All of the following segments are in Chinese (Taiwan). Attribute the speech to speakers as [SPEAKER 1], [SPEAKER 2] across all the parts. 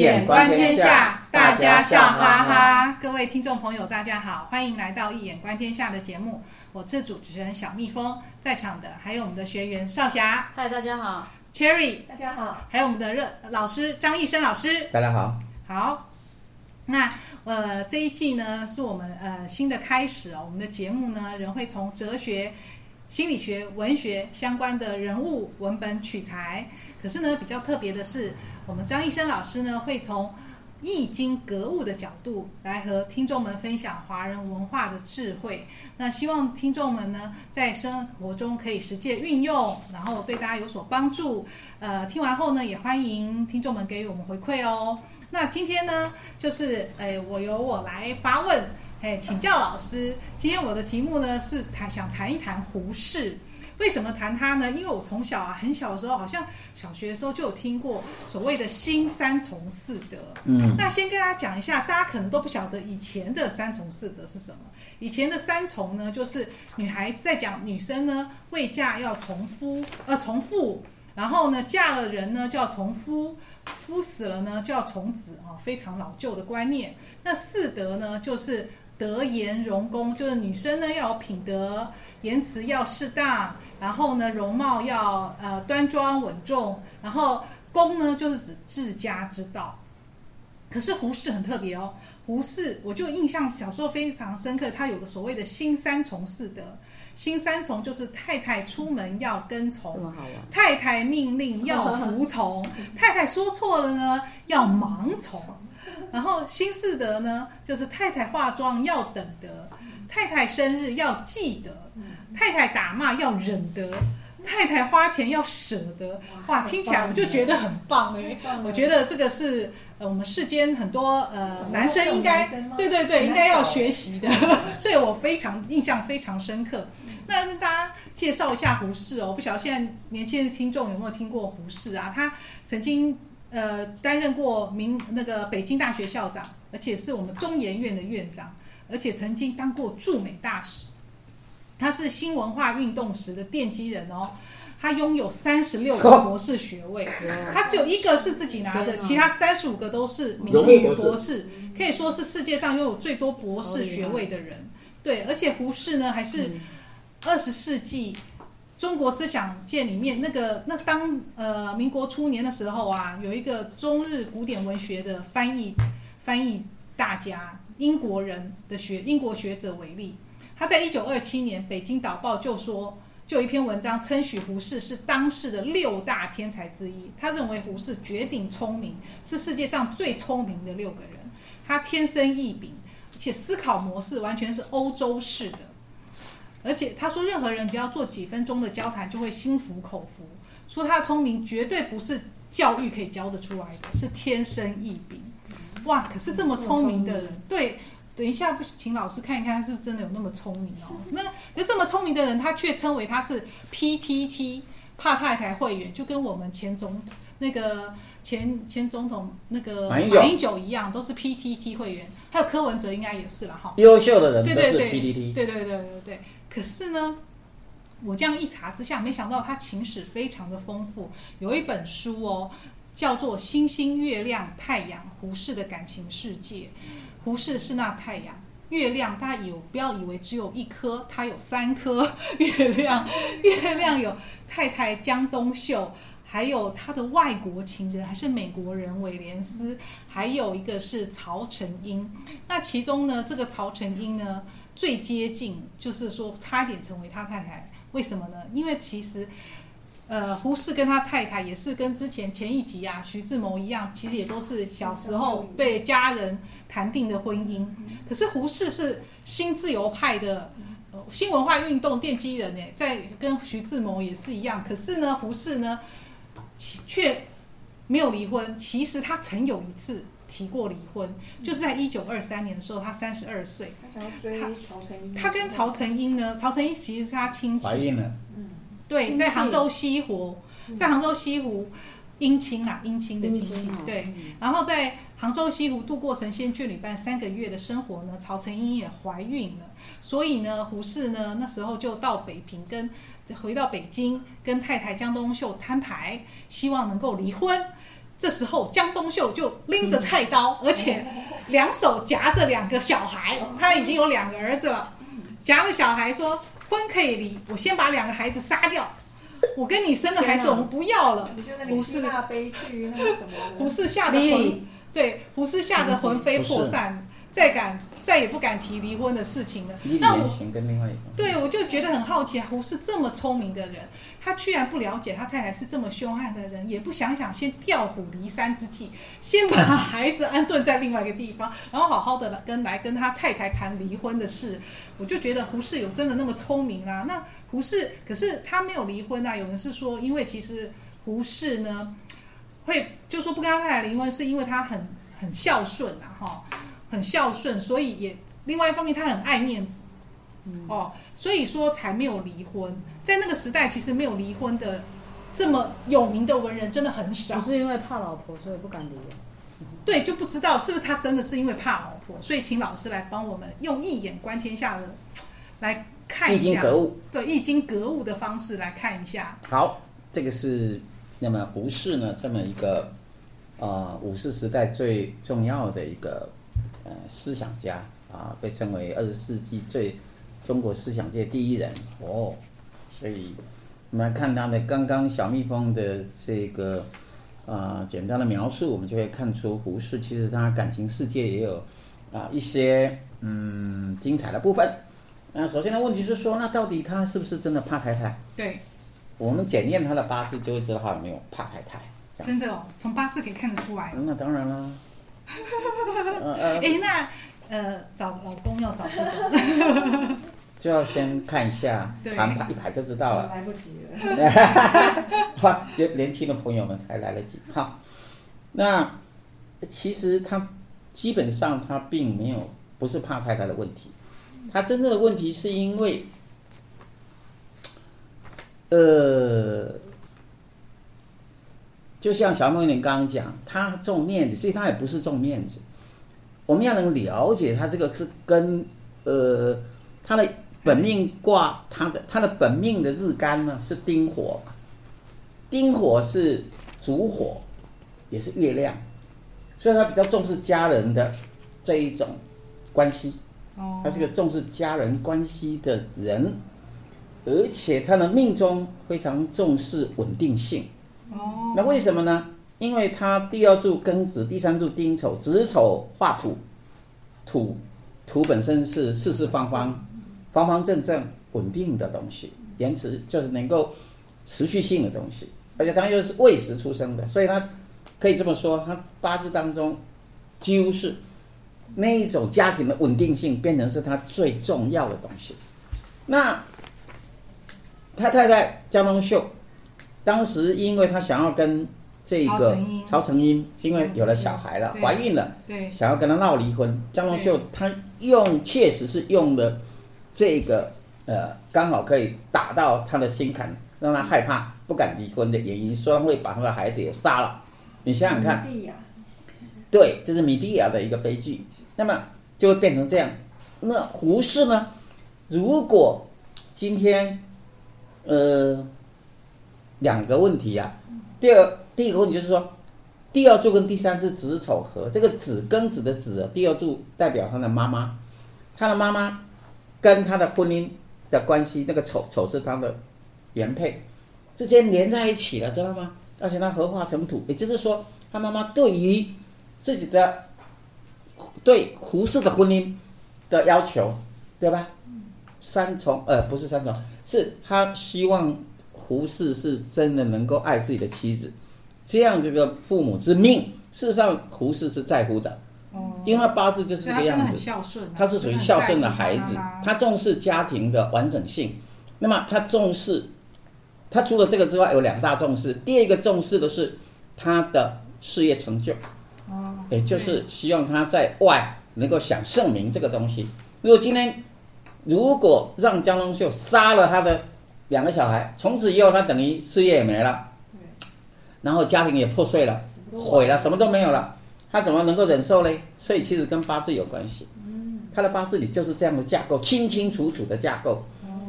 [SPEAKER 1] 易眼觀天下，易眼觀天下，大家笑哈哈。各位聽眾朋友，大家好，歡迎來到《易眼觀天下》的節目。我是主持人小蜜蜂，在場的還有我們的學員少霞。嗨，大家好，Cherry，大家好，還有我們的熱老師張易生老師。大家好，好。那呃，這一季呢，是我們呃新的開始哦。我們的節目呢，仍會從哲學。心理學、文學相關的人物文本取材，可是呢，比較特別的是，我們張易生老師呢會從易經格物的角度來和聽眾們分享華人文化的智慧。那希望聽眾們呢在生活中可以實踐運用，然後對大家有所幫助。呃，聽完後呢，也歡迎聽眾們給予我們回饋哦。那今天呢，就是呃，我由我來發問。哎，hey，請教老師，今天我的題目呢是談想談一談胡適，為什麼談他呢？因為我從小啊很小的時候，好像小學的時候就有聽過所謂的新三從四德。嗯，那先跟大家講一下，大家可能都不曉得以前的三從四德是什麼。以前的三從呢，就是女孩在講女生呢未嫁要從夫，呃從父，然後呢嫁了人呢就要從夫，夫死了呢就要從子啊，非常老舊的觀念。那四德呢，就是。德言容功，就是女生呢要有品德，言辭要適當，然後呢容貌要呃端莊穩重，然後功呢就是指治家之道。可是胡適很特別哦，胡適我就印象小時候非常深刻，他有個所謂的新三從四德，新三從就是太太出門要跟從，啊、太太命令要服從， 太太說錯了呢要盲從。 然後新四德呢，就是太太化妝要等得，太太生日要記得，太太打罵要忍得，太太花錢要捨得。哇，哇聽起來我就覺得很棒哎、欸！棒我覺得這個是、呃、我們世間很多呃男生應該生對對對，應該要學習的。 所以我非常印象非常深刻。那跟大家介紹一下胡適哦，不曉得現在年輕的聽眾有沒有聽過胡適啊？他曾經。呃，擔任過名那個北京大學校長，而且是我們中研院的院長，而且曾經當過駐美大使。他是新文化運動時的奠基人哦。他擁有三十六個博士學位，他只有一個是自己拿的，其他三十五個都是名譽博士，可以說是世界上擁有最多博士學位的人。對，而且胡適呢，還是二十世紀。中國思想界裡面，那個那當呃民國初年的時候啊，有一個中日古典文學的翻譯翻譯大家，英國人的學英國學者為例，他在一九二七年《北京導報》就說，就有一篇文章稱許胡適是當世的六大天才之一，他認為胡適絕頂聰明，是世界上最聰明的六個人，他天生異稟，而且思考模式完全是歐洲式的。而且他說，任何人只要做幾分鐘的交談，就會心服口服。說他聰明，絕對不是教育可以教得出來的，是天生異禀。哇！可是這麼聰明的人明，對，等一下不請老師看一看，他是不是真的有那麼聰明哦？那那這麼聰明的人，他卻稱為他是 PTT 怕太太會員，就跟我們前總統那個前前總統那個馬英九一樣，都是 PTT 會員。還有柯文哲應該也是了哈。優秀的人都是 PTT。對對對對對,對,對對。可是呢，我這樣一查之下，沒想到他情史非常的豐富，有一本書哦，叫做《星星月亮太陽：胡適的感情世界》。胡適是那太陽，月亮，大家有不要以為只有一顆，他有三顆月亮。月亮有太太江冬秀，還有他的外國情人，還是美國人威廉斯，還有一個是曹誠英。那其中呢，這個曹誠英呢？最接近就是說，差一點成為他太太，為什麼呢？因為其實，呃，胡適跟他太太也是跟之前前一集啊，徐志摩一樣，其實也都是小時候對家人談定的婚姻。嗯嗯、可是胡適是新自由派的，呃，新文化運動奠基人，呢，在跟徐志摩也是一樣。可是呢，胡適呢其，卻沒有離婚。其實他曾有一次。提過離婚，就是在一九二三年的時候，他三十二歲，嗯他他，他跟曹誠英呢，曹誠英其實是他親戚，懷孕了。嗯，對，在杭州西湖，嗯、在杭州西湖姻親啊，姻親的親戚。親對、嗯。然後在杭州西湖度過神仙眷侶般三個月的生活呢，曹誠英也懷孕了，所以呢，胡適呢那時候就到北平跟，跟回到北京跟太太江冬秀攤牌，希望能夠離婚。這時候，江冬秀就拎着菜刀，而且兩手夾着兩個小孩。他已經有兩個兒子了，夾着小孩說：“婚可以離，我先把兩個孩子殺掉，我跟你生的孩子我們不要了。飛”胡適嚇得魂飛魄散。不是。不是。不是。不是。不是。不再敢，再也不敢提離婚的事情了。那我跟另外一
[SPEAKER 2] 個，
[SPEAKER 1] 對我就覺得很好奇，胡適這麼聰明的人，他居然不了解他太太是這麼兇悍的人，也不想想先調虎離山之計，先把孩子安頓在另外一個地方，然後好好的來跟來跟他太太談離婚的事。我就覺得胡適有真的那麼聰明啊？那胡適，可是他沒有離婚啊？有人是說，因為其實胡適呢，會就說不跟他太太離婚，是因為他很很孝順啊，哈。很孝順，所以也另外一方面，他很愛面子，嗯，哦，所以說才沒有離婚。在那個時代，其實沒有離婚的這麼有名的文人真的很少。不是因為怕老婆，所以不敢離。對，就不知道是不是他真的是因為怕老婆，所以請老師來幫我們用易眼觀天下來來看一下。易經格物。對，易經格物的方式來看一下。
[SPEAKER 2] 好，這個是那麼胡適呢，這麼一個呃五四時代最重要的一個思想家啊，被稱為二十世紀最中國思想界第一人哦，所以我們來看他的剛剛小蜜蜂的這個啊、呃、簡單的描述，我們就會看出胡適其實他感情世界也有啊一些嗯精彩的部分。那首先的問題是說，那到底他是不是真的怕太太？對，我們檢驗他的八字就會知道他有沒有怕太太。這樣
[SPEAKER 1] 真的哦，從八字可以看得出來。
[SPEAKER 2] 嗯，那當然啦。
[SPEAKER 1] 哎， 那呃，找老公要找這種。
[SPEAKER 2] 就要先看一下，盤排一排就知道了。嗯、來不及了。 年輕的朋友們還來得及哈。那其實他基本上他並沒有不是怕太太的問題，他真正的問題是因為，呃。就像小夢你剛剛講，他重面子，其實他也不是重面子。我們要能了解他這個是跟呃他的本命卦，他的他的本命的日干呢是丁火，丁火是燭火，也是月亮，所以他比較重視家人的這一種關係。哦，他是個重視家人關係的人，而且他的命中非常重視穩定性。那為什麼呢？因為他第二柱庚子，第三柱丁丑，子丑化土，土土本身是四四方方、方方正正、穩定的東西，延遲就是能夠持續性的東西，而且他又是未時出生的，所以他可以這麼說，他八字當中幾乎是那一種家庭的穩定性變成是他最重要的東西。那他太太江冬秀。當時，因為他想要跟這個曹誠英，曹誠英，因為有了小孩了，懷孕了，想要跟他鬧離婚。江龍秀他用確實是用了這個，呃，剛好可以打到他的心坎，讓他害怕，不敢離婚的原因，說他會把他的孩子也殺了。你想想看，對，這是米蒂亞的一個悲劇。那麼就會變成這樣。那胡適呢？如果今天，呃。兩個問題呀、啊，第二，第一個問題就是說，第二柱跟第三是子丑合，這個子跟子的子、啊，第二柱代表他的媽媽，他的媽媽跟他的婚姻的關係，那個丑丑是他的原配，之間連在一起了，知道嗎？而且他合化成土，也就是說他媽媽對於自己的對胡適的婚姻的要求，對吧？三從呃不是三從，是他希望。胡適是真的能夠愛自己的妻子，這樣子的父母之命，事實上胡適是在乎的，嗯、因為八字就是這個樣子他，
[SPEAKER 1] 啊，他是屬於孝順的孩子的，啊，他
[SPEAKER 2] 重視家庭的完整性，那麼他重視，他除了這個之外，有兩大重視，第二個重視的是他的事業成就，嗯、也就是希望他在外能夠享盛名這個東西。如果今天如果讓江冬秀殺了他的。兩個小孩從此以後，他等於事業也沒了，對，然後家庭也破碎了，毀了，什麼都沒有了，他怎麼能夠忍受呢？所以其實跟八字有關係，嗯、他的八字裡就是這樣的架構，清清楚楚的架構。哦、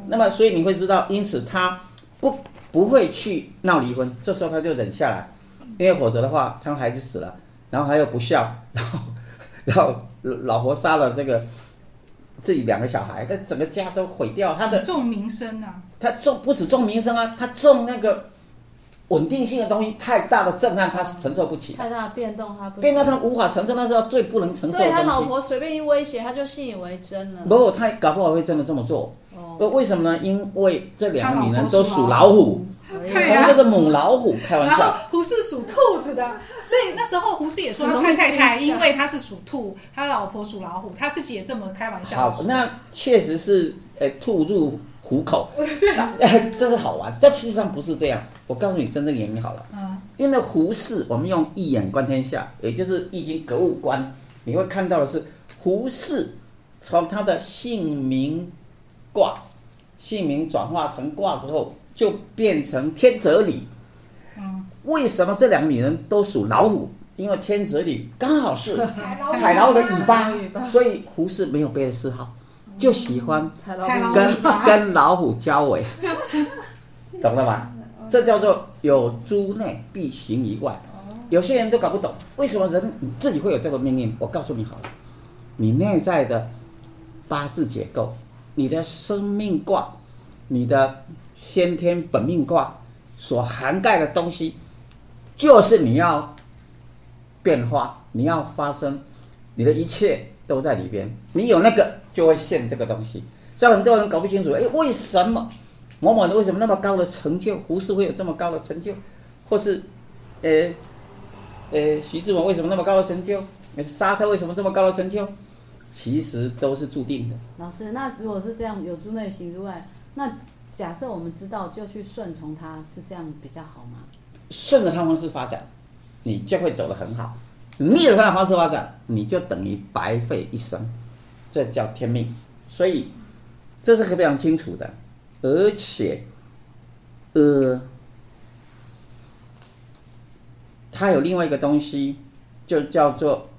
[SPEAKER 2] 那麼所以你會知道，因此他不不會去鬧離婚，這時候他就忍下來，因為否則的話，他孩子死了，然後他又不孝，然後然後老婆殺了這個自己兩個小孩，他整個家都毀掉，他的重名聲啊。他重不止重名聲啊，他重那個穩定性的東西。太大的震撼，他是承受不起的。太
[SPEAKER 1] 大的變動，他不變動他
[SPEAKER 2] 無法承受。那時候最不能承受的。所以他老婆
[SPEAKER 1] 隨便一威脅，他就信以為真
[SPEAKER 2] 了。不過，他搞不好會真的這麼做。哦、oh, okay.。為什麼呢？因為這兩個女人都屬老虎，然後那個母老虎開玩笑。 然後胡適屬兔子的，所以那時候胡適也說他太太，
[SPEAKER 1] 因為他是屬兔， 他老婆屬老虎，他自己也這
[SPEAKER 2] 麼開玩笑。那確實是，哎、欸，兔入，虎口，這是好玩，但實際上，不是這樣。我告訴你真正原因好了，嗯、因為胡適，我們用易眼觀天下，也就是易經格物觀，你會看到的是，胡適從他的姓名卦，姓名轉化成卦之後，就變成天澤履、嗯。為什麼這兩個女人都屬老虎？因為天澤履剛好是踩老虎的尾巴、嗯，所以胡適沒有別的嗜好。就喜歡跟跟老虎交尾，懂了嗎？這叫做有諸內必形於外。有些人都搞不懂為什麼人自己會有這個命運。我告訴你好了，你內在的八字結構、你的生命卦、你的先天本命卦所涵蓋的東西，就是你要變化、你要發生，你的一切都在裡邊。你有那個。就會陷這個東西，像很多人搞不清楚，誒，為什麼某某的為什麼那麼高的成就？胡適會有這麼高的成就，或是，誒誒，徐志摩為什麼那麼高的成就誒？沙特為什麼這麼高的成就？其實都是注定的。
[SPEAKER 1] 老師，那如果是這樣，有諸內形於外，那假設我們知道就
[SPEAKER 2] 去順從他，是這樣比較好嗎？順着他方式發展，你就會走得很好；逆着他的方式發展，你就等於白費一生。這叫天命，所以這是很非常清楚的，而且，呃，他有另外一個東西，就叫做。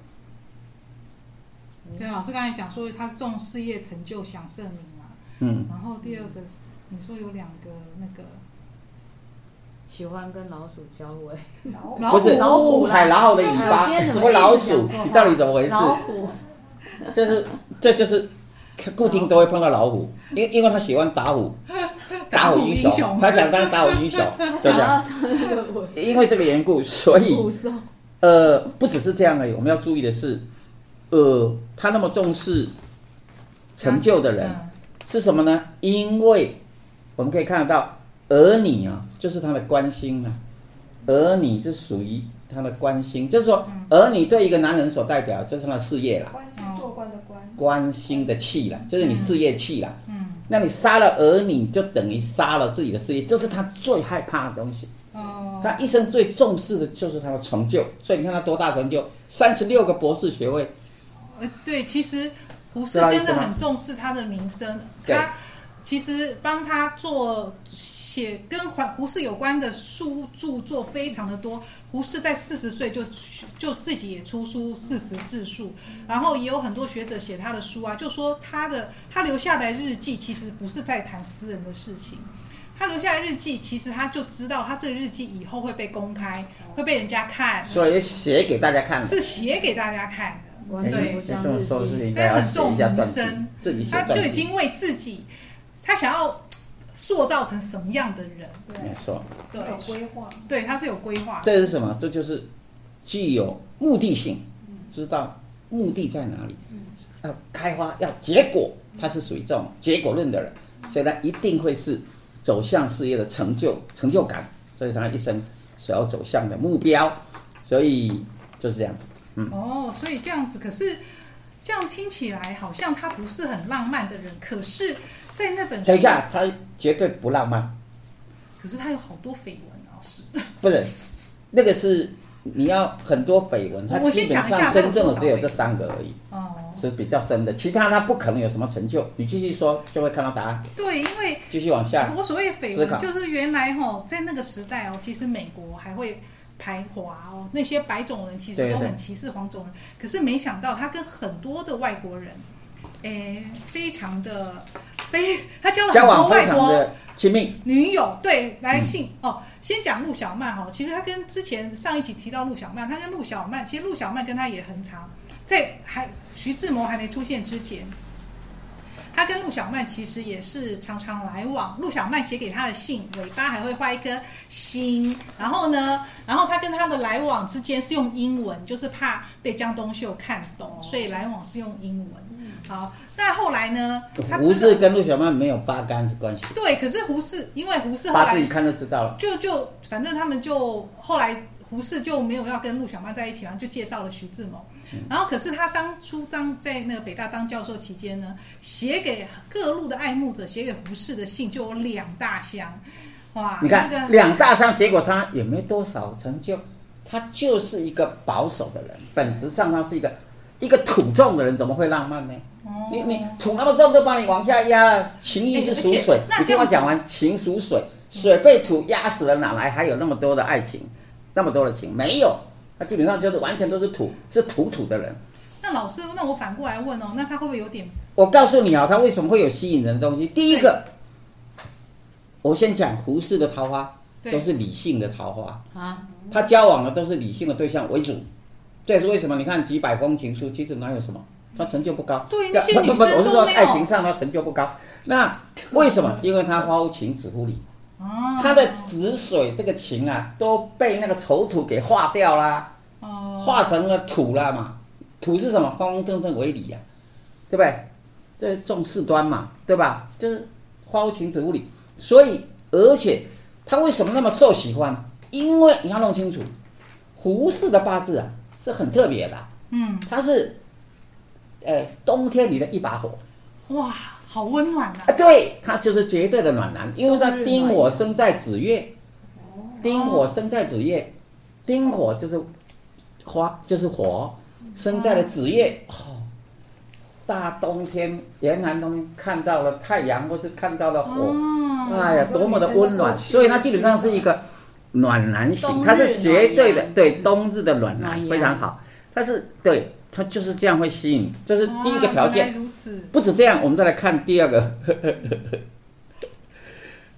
[SPEAKER 2] 跟老師剛
[SPEAKER 1] 才講說，他重事業成就，享盛名嘛。嗯。然後第二個是，你說有兩個那個。喜歡跟老鼠交尾。不是老虎踩老虎的尾巴，什、哎、麼老鼠？你到底怎麼回事？
[SPEAKER 2] 這是，這就是胡適都會碰到老虎，因為因為他喜歡打虎，打虎英雄，他想當打虎英雄，真的。因為這個緣故，所以，呃，不只是這樣而已。我們要注意的是，呃，他那麼重視成就的人是什麼呢？因為我們可以看得到，兒女啊，哦，就是他的關心啊。兒女是屬於。他的關心，就是說，兒女對一個男人所代表，就是他的事業了。關心做
[SPEAKER 1] 官的
[SPEAKER 2] 關。關心的氣了，就是你事業氣了。嗯，那你殺了兒女，就等於殺了自己的事業，這是他最害怕的東西。哦，哦，哦。他一生最重視的就是他的成就，所以你看他多大成就？三十六個博士學位。
[SPEAKER 1] 呃，對，其實胡適真的很重視他的名聲。對。其實幫他做寫跟胡胡適有關的書著作非常的多。胡適在四十歲就就自己也出書四十自述，然後也有很多學者寫他的書啊。就說他的他留下來日記其實不是在談私人的事情，他留下來日記其實他就知道他這個日記以後會被公開，會被人家看，所以
[SPEAKER 2] 寫給大家看，是
[SPEAKER 1] 寫給大家看的。對，這種
[SPEAKER 2] 說書人，他很重視人生，他就已經
[SPEAKER 1] 為自己。他想要塑造成什麼樣的人？對，沒錯，他有
[SPEAKER 2] 規劃。
[SPEAKER 1] 對，他是有規劃。這是什
[SPEAKER 2] 麼？這就是具有目的性，嗯、知道目的在哪裡，嗯、要開花要結果，他是屬於這種結果論的人，嗯，所以他一定會是走向事業的成就，成就感，這是他一生所要走向的目標。所以就是這樣子，嗯。哦，
[SPEAKER 1] 所以這樣子，可是。這樣聽起來好像他不是很浪漫的人，可是，在那本書，等一下，
[SPEAKER 2] 他絕對不浪漫。
[SPEAKER 1] 可是他有好多緋聞、哦，老師。
[SPEAKER 2] 不是，那個是你要很多緋聞，他基本上，我先講一下，真正的只有這三個而已。哦。是比較深的，其他他不可能有什麼成就。你繼續說，就會看到答案。
[SPEAKER 1] 對，因為
[SPEAKER 2] 繼續往下。我
[SPEAKER 1] 所謂緋聞，就是原來哈、哦，在那個時代哦，其實美國還會。排華哦，那些白種人其實都很歧視黃種人，對對對，可是沒想到他跟很多的外國人，誒、欸，非常的非，他交了很多
[SPEAKER 2] 外
[SPEAKER 1] 國女友，對，來信、嗯、哦。先講陸小曼哈，其實他跟之前上一集提到陸小曼，他跟陸小曼，其實陸小曼跟他也很長，在還徐志摩還沒出現之前。他跟陸小曼其實也是常常來往，陸小曼寫給他的信，尾巴還會畫一顆心。然後呢，然後他跟他的來往之間是用英文，就是怕被江冬秀看懂，所以來往是用英文。好，那後來呢？他胡適
[SPEAKER 2] 跟陸小曼沒有八竿子關係。
[SPEAKER 1] 對，可是胡適，因為胡適後來自己看
[SPEAKER 2] 就知道了。就
[SPEAKER 1] 就反正他們就後來。胡適就沒有要跟陸小曼在一起嘛，然後就介紹了徐志摩。然後，可是他當初當在那個北大當教授期間呢，寫給各路的愛慕者、寫給胡適的信就有兩大箱，
[SPEAKER 2] 哇！你看、那個、兩大箱，結果他也沒多少成就。他就是一個保守的人，本質上他是一個一個土重的人，怎麼會浪漫呢？哦、你你土那麼重都把你往下壓，情義是屬水，你聽我講完，情屬水，水被土壓死了，哪來還有那麼多的愛情？那麼多的情沒有，他基本上就是完全都是土，是土土的人。
[SPEAKER 1] 那老師，那我反過來問哦，那他會不會
[SPEAKER 2] 有點？我告訴你啊、哦，他為什麼會有吸引人的東西？第一個，我先講胡適的桃花，都是理性的桃花啊，他交往的都是理性的對象為主。這也是為什麼你看幾百封情書，其實哪有什麼？他成就不高，他不不，我是說愛情上他成就不高。那為什麼？ 因為他發乎情，止乎禮。他的子水這個情啊，都被那個丑土給化掉了，化成了土了嘛。土是什麼？方方正正為理呀、啊，對不對？這、就是、重四端嘛，對吧？就是花無情，子無理。所以，而且他為什麼那麼受喜歡？因為你要弄清楚，胡適的八字啊是很特別的。嗯，他是，哎、呃，冬天裡的一把火。
[SPEAKER 1] 哇。好溫
[SPEAKER 2] 暖啊！對，他就是絕對的暖男，因為他丁火生在子月，丁火生在子月，哦、丁火就是花，就是火、嗯、生在了子月、嗯，大冬天嚴寒冬天看到了太陽，或是看到了火、哦，哎呀，多麼的溫暖！所以他基本上是一個暖男型，男他是絕對的，冬，對，冬日的暖男，暖男，非常好。但是對。他就是這樣會吸引，這是第一個條件。不止這樣，我們再來看第二個。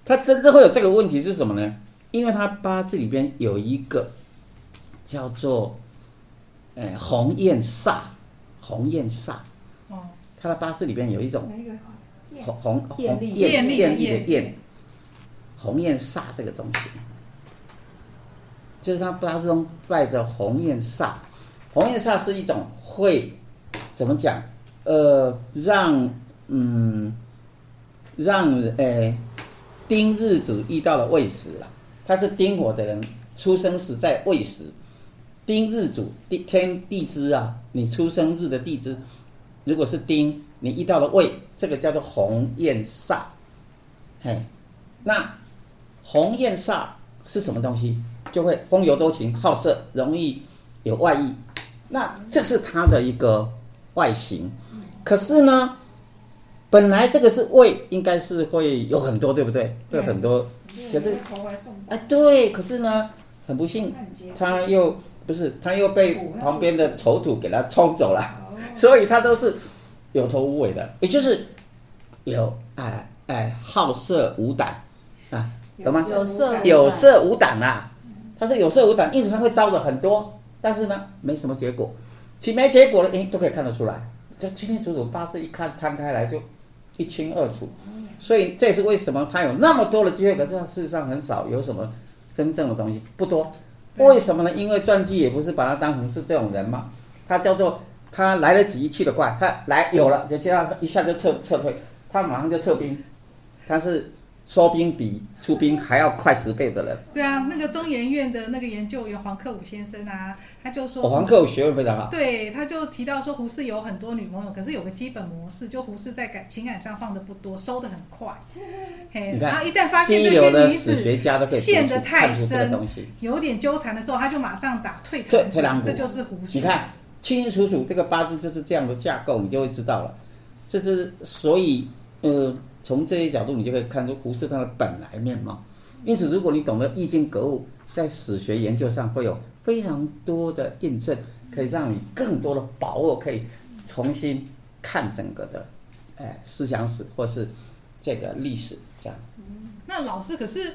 [SPEAKER 2] 他 真正會有這個問題是什麼呢？因為他八字裡邊有一個叫做，哎、呃，紅艷煞，紅艷煞。他的八字裡邊有一種。紅個紅紅紅艷艷麗的艷。紅艷煞這個東西，就是他八字中帶着紅艷煞。紅艷煞是一種會怎麼講？呃，讓嗯，讓誒、欸，丁日主遇到了未時了。他是丁火的人，出生時在未時。丁日主天地支啊，你出生日的地支如果是丁，你遇到了未，這個叫做紅艷煞。嘿，那紅艷煞是什麼東西？就會風流多情、好色，容易有外遇。那這是他的一個外形、嗯，可是呢，本來這個是胃，應該是會有很多，對不對？嗯、會有很多。可是哎，對，可是呢，很不幸，嗯、他又不是，他又被旁邊的丑土給他衝走了、嗯，所以他都是有頭無尾的，也就是有哎哎好色無膽啊，懂嗎？有色有色無膽啊，他是有色無膽，因此他會招惹很多，但是呢，沒什麼結果，其沒結果了，人、欸、都可以看得出來，就清清楚楚，八字一看攤開來就一清二楚，所以這也是為什麼他有那麼多的機會，可是他事實上很少有什麼真正的東西，不多、啊。為什麼呢？因為傳記也不是把他當成是這種人嘛，他叫做他來得及，去得快，他來有了就這樣一下就撤撤退，他馬上就撤兵，他是。收兵比出兵還要快十倍的人。
[SPEAKER 1] 對啊，那個中研院的那個研究員黃克武先生啊，他就說。哦、黃克武學問非常好。對，他就提到說，胡適有很多女朋友，可是有個基本模式，就胡適在感情感上放的不多，收的很快。嘿，然後一旦發現這些女子陷得太深，有點糾纏的時候，他就馬上打退堂鼓。這就是胡適。你看，
[SPEAKER 2] 清清楚楚，這個八字就是這樣的架構，你就會知道了。這是所以，呃。從這些角度，你就可以看出胡適他的本來面貌。因此，如果你懂得易經格物，在史學研究上會有非常多的印證，可以讓你更多的把握，可以重新看整個的，哎，思想史或是這個歷史這樣。
[SPEAKER 1] 那老師可是，.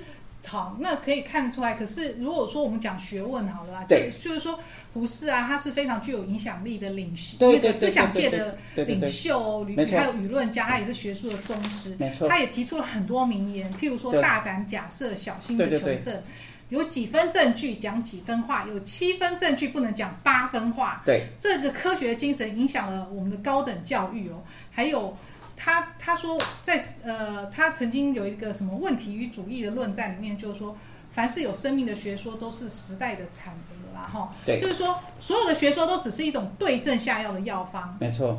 [SPEAKER 1] 好，那可以看出來。可是如果說我們講學問，好了吧，對，就，就是說，胡適啊，他是非常具有影響力的領袖，那個思想界的領袖哦，沒錯，還有輿論家，他也是學術的宗師，他也提出了很多名言，譬如說，大膽假設，小心的求證，對對對對。有幾分證據講幾分話，有七分證據不能講八分話，對，這個科學精神影響了我們的高等教育哦，還有。他他說在呃，他曾經有一個什麼問題與主義的論戰裡面，就是說，凡是有生命的學說都是時代的產物，然後對。就是說，所有的學說都只是一種對症下藥的藥方。沒錯。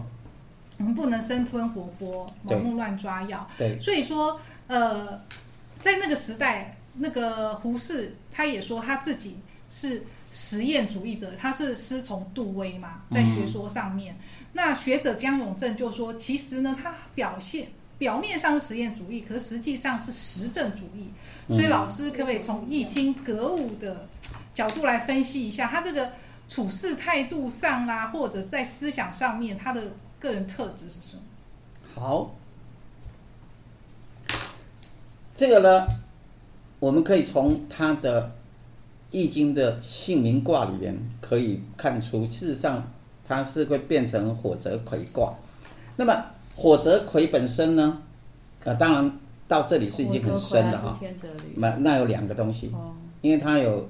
[SPEAKER 1] 我們不能生吞活剝，盲目亂抓藥對。對。所以說，呃，在那個時代，那個胡適他也說他自己是實驗主義者，他是師從杜威嘛，在學說上面。嗯那學者江永正就說：“其實呢，他表現表面上是實驗主義，可實際上是實證主義。所以老師，可不可以從《易經》格物的角度來分析一下他這個處事態度上啦、啊，或者在思想上面，他的個人特質是什麼？”
[SPEAKER 2] 好，這個呢，我們可以從他的《易經》的姓名卦裡面可以看出，事實上。它是會變成火澤睽卦，那麼火澤睽本身呢？呃、啊，當然到這裡是已經很深的哈、哦。那那有兩個東西，哦、因為它有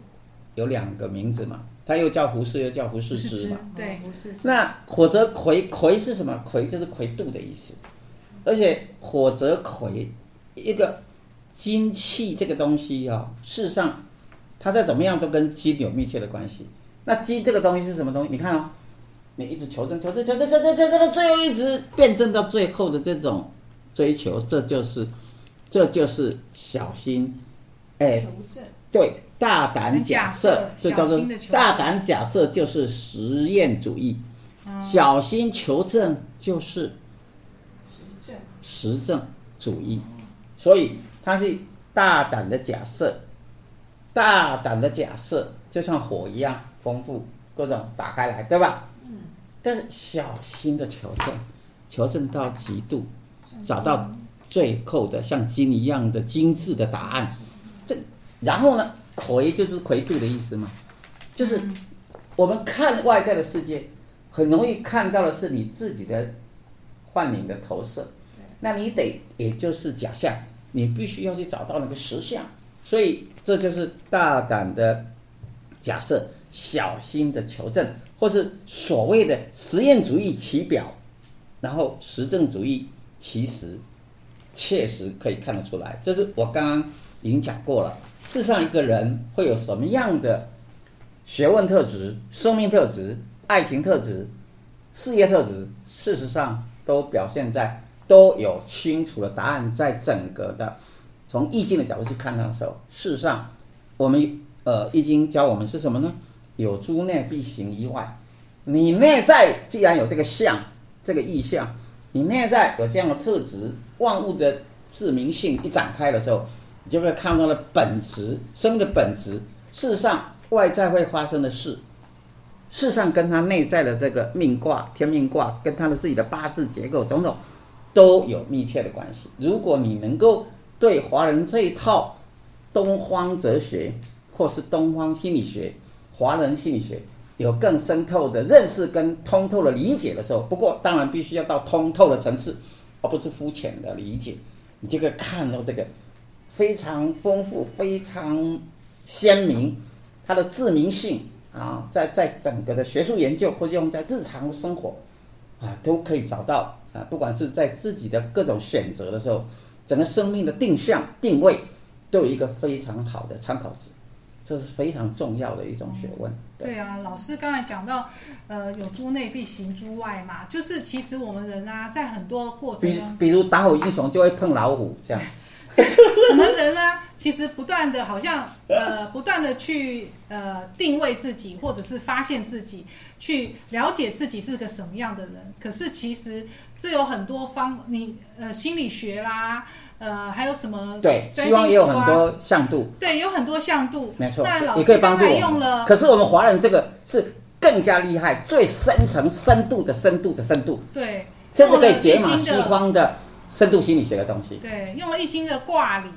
[SPEAKER 2] 有兩個名字嘛，它又叫胡適，又叫胡適之嘛。對，胡適之。那火澤睽、睽是什麼？睽就是睽度的意思。而且火澤睽一個精氣這個東西啊、哦，事實上它再怎麼樣都跟金有密切的關係。那金這個東西是什麼東西？你看哦。你一直求證，求證，求證，求證，這最後一直辯證到最後的這種追求，這就是，這就是小心，哎、欸，對，大膽假設，這叫做大膽假設就是實驗主義，嗯、小心求證就是實證，實證主義，嗯、所以它是大膽的假設，大膽的假設就像火一樣豐富，各種打開來，對吧？但是小心的求證，求證到極度，找到最後的像金一樣的精緻的答案，這然後呢，睽就是揆度的意思嘛，就是我們看外在的世界，很容易看到的是你自己的幻影的投射，那你得也就是假象，你必須要去找到那個實相，所以這就是大膽的假設。小心的求證，或是所謂的實驗主義其表，然後實證主義其實確實可以看得出來。這是我剛剛已經講過了。事實上一個人會有什麼樣的學問特質、生命特質、愛情特質、事業特質？事實上，都表現在都有清楚的答案。在整個的從易經的角度去看它的時候，事實上，我們呃，易經教我們是什麼呢？有諸內，必形於外。你內在既然有這個相，這個意象，你內在有這樣的特質，萬物的自明性一展開的時候，你就會看到了本質，生命的本質。事實上，外在會發生的事，事實上跟他內在的這個命卦、天命卦，跟他的自己的八字結構，種種都有密切的關係。如果你能夠對華人這一套東方哲學或是東方心理學，華人心理學有更深透的認識跟通透的理解的時候，不過當然必須要到通透的層次，而不是膚淺的理解，你就可以看到這個非常豐富、非常鮮明，它的知名性啊，在在整個的學術研究或者用在日常生活啊，都可以找到啊，不管是在自己的各種選擇的時候，整個生命的定向定位都有一個非常好的參考值。這是非常重要的一種學問。
[SPEAKER 1] 對、嗯、對啊，老師剛才講到，呃，有“諸內必形諸外”嘛，就是其實我們人啊，在很多過程中
[SPEAKER 2] 比，比如打虎英雄就會碰老虎這樣。 我
[SPEAKER 1] 們人呢、啊，其實不斷的，好像呃，不斷的去呃定位自己，或者是發現自己，去了解自己是個什麼樣的人。可是其實這有很多方，你呃心理學啦。呃，還有什麼？對，西方也有很多像度。對，有很多像度。沒錯，但老師剛才用了可。可是我們
[SPEAKER 2] 華人這個是更加厲害，最深層、深度的深度的深度。
[SPEAKER 1] 對，這個可以解碼西方
[SPEAKER 2] 的深度心理學的東西。
[SPEAKER 1] 對，用了易經的卦理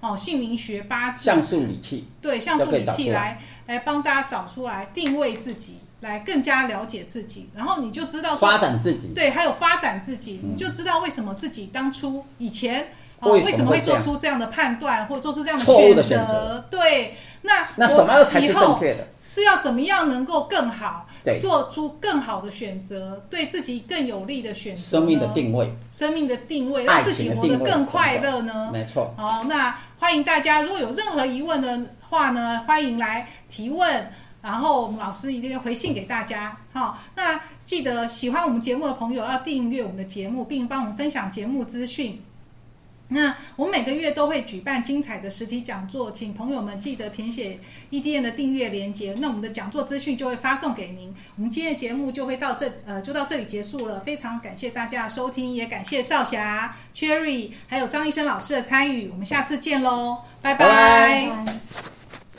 [SPEAKER 1] 哦，姓名學八字、象
[SPEAKER 2] 數理氣，對，象數理氣來
[SPEAKER 1] 來幫大家找出來定位自己，來更加了解自己，然後你就知道發展自己。對，還有發展自己，嗯，你就知道為什麼自己當初以前。為什，為什麼會做出這樣的判斷，或者做出這樣的選擇？對，那我什麼才是正確的？是要怎麼樣能夠更好，對，做出更好的選擇，對自己更有利的選擇。生命的定位，生命的定位，讓自己活得更快樂呢？沒錯。好，那歡迎大家，如果有任何疑問的話呢，歡迎來提問，然後我們老師一定會回信給大家。好，那記得喜歡我們節目的朋友要訂閱我們的節目，並幫我們分享節目資訊。那我們每個月都會舉辦精彩的實體講座，請朋友們記得填寫 EDM 的訂閱連結，那我們的講座資訊就會發送給您。我們今天的節目就會到這，呃，就到這裡結束了。非常感謝大家收聽，也感謝少霞、Cherry 還有張易生老師的參與。我們下次見嘍，拜拜。Bye bye.